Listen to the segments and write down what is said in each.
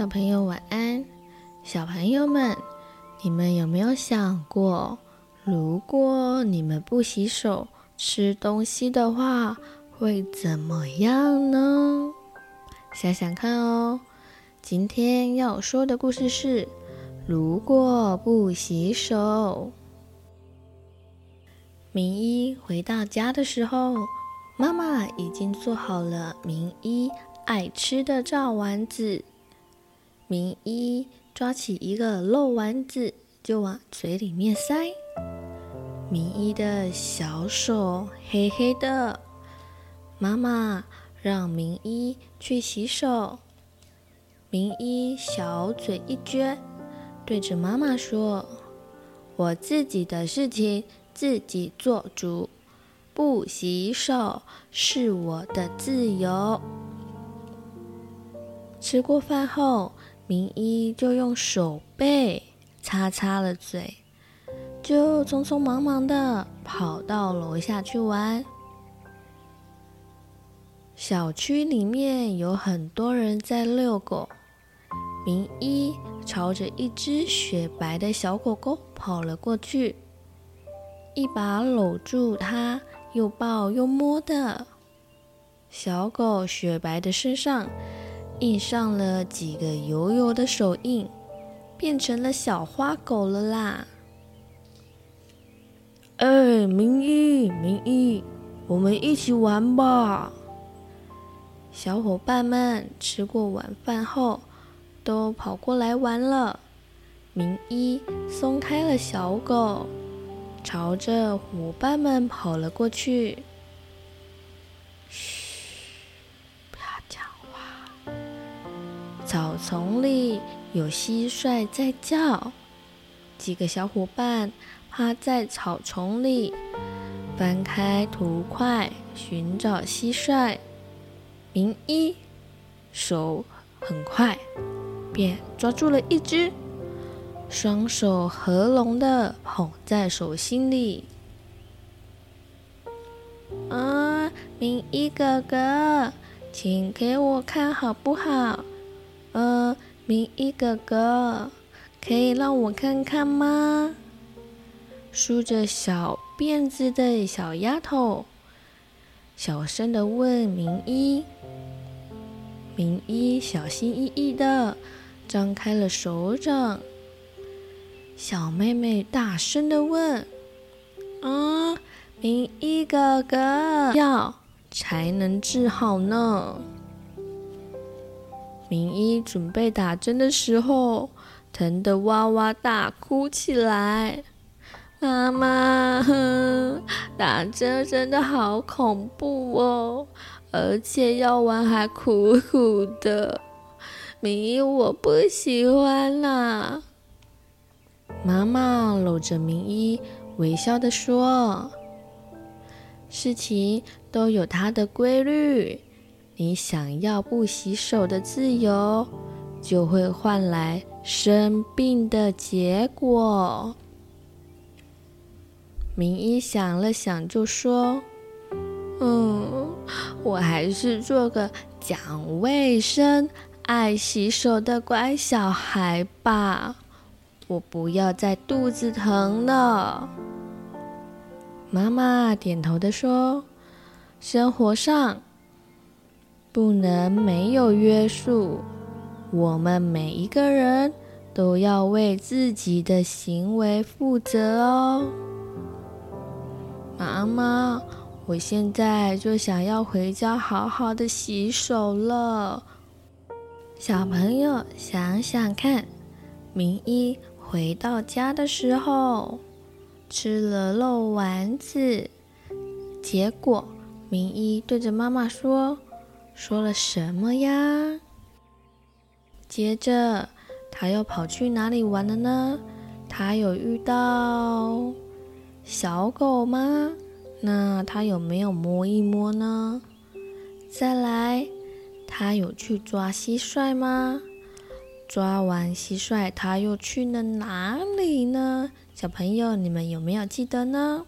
小朋友晚安，小朋友們，你們有沒有想過，如果你們不洗手吃東西的話，會怎麼樣呢？想想看哦。今天要說的故事是：如果不洗手，明一回到家的時候，媽媽已經做好了明一愛吃的炸丸子。明一抓起一個肉丸子就往嘴裡面塞。明一的小手黑黑的，媽媽讓明一去洗手。明一小嘴一撅，對着媽媽說：“我自己的事情自己做主，不洗手是我的自由。”吃過飯後，明一就用手背擦擦了嘴，就匆匆忙忙地跑到樓下去玩。小區裡面有很多人在遛狗，明一朝着一隻雪白的小狗狗跑了過去，一把摟住它，又抱又摸的，小狗雪白的身上，印上了幾個油油的手印，變成了小花狗了啦！哎、欸，明一，明一，我們一起玩吧！小伙伴們吃過晚飯後，都跑過來玩了。明一鬆開了小狗，朝着夥伴們跑了過去。噓。草叢裡有蟋蟀在叫，幾個小伙伴趴在草叢裡，翻開土塊尋找蟋蟀。明一手很快，便抓住了一隻，雙手合攏的捧在手心裡。啊、嗯，明一哥哥，請給我看好不好？呃、嗯，明一哥哥，可以讓我看看嗎？梳着小辮子的小丫頭，小聲的問明一。明一小心翼翼的張開了手掌。小妹妹大聲的問：“啊、嗯，明一哥哥，藥才能治好呢？”明一準備打針的時候，疼得哇哇大哭起來。媽媽，打針真的好恐怖哦，而且藥丸還苦苦的。明一，我不喜歡啦、啊、媽媽摟着明一，微笑的說：“事情都有它的規律。”你想要不洗手的自由，就會換來生病的結果。明一想了想，就說：“嗯，我還是做個講衛生、愛洗手的乖小孩吧。我不要再肚子疼了。”媽媽點頭的說：“生活上，”不能沒有約束，我們每一個人都要為自己的行為負責哦。媽媽，我現在就想要回家好好的洗手了。小朋友，想想看，明一回到家的時候吃了肉丸子，結果明一對着媽媽說。說了什麼呀？接着他又跑去哪裡玩了呢？他有遇到小狗嗎？那他有沒有摸一摸呢？再來，他有去抓蟋蟀嗎？抓完蟋蟀，他又去了哪裡呢？小朋友，你們有沒有記得呢？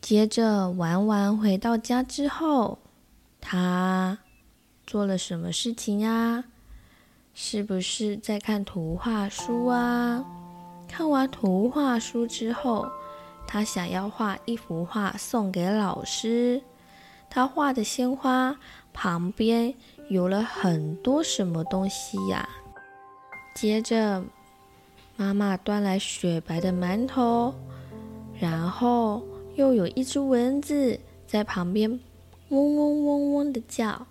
接着玩完回到家之後。他做了什麼事情呀？是不是在看圖畫書啊？看完圖畫書之後，他想要畫一幅畫送給老師。他畫的鮮花旁邊有了很多什麼東西呀？接着，媽媽端來雪白的饅頭，然後又有一隻蚊子在旁邊。嗡嗡嗡嗡的叫，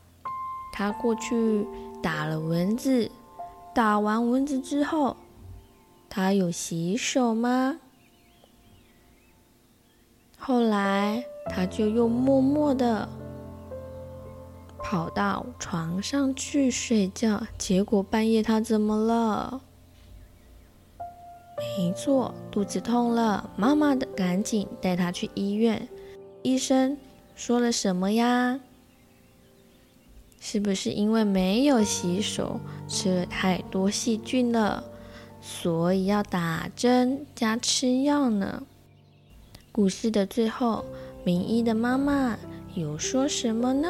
他過去打了蚊子，打完蚊子之後，他有洗手嗎？後來他就又默默的跑到床上去睡覺，結果半夜他怎麼了？沒錯，肚子痛了，媽媽的趕緊帶他去醫院，醫生。說了什麼呀？是不是因為沒有洗手，吃了太多細菌了，所以要打針加吃藥呢？故事的最後，明一的媽媽有說什麼呢？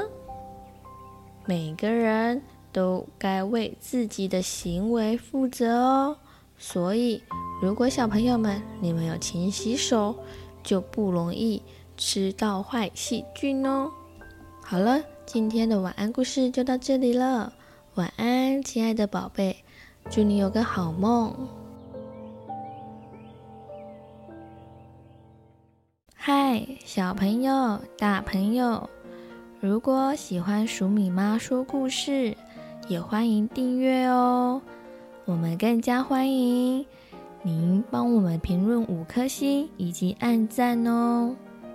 每個人都該為自己的行為負責哦。所以，如果小朋友們你們有勤洗手，就不容易。吃到壞細菌哦！好了，今天的晚安故事就到這裡了。晚安，親愛的寶貝，祝你有個好夢。嗨，小朋友、大朋友，如果喜歡黍米媽說故事，也歡迎訂閱哦。我們更加歡迎您幫我們評論五顆星以及按贊哦。